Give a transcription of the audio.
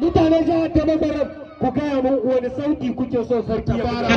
mutanen jihar ta bambara ku gaya mun wani sauti kuke so sarki ya fara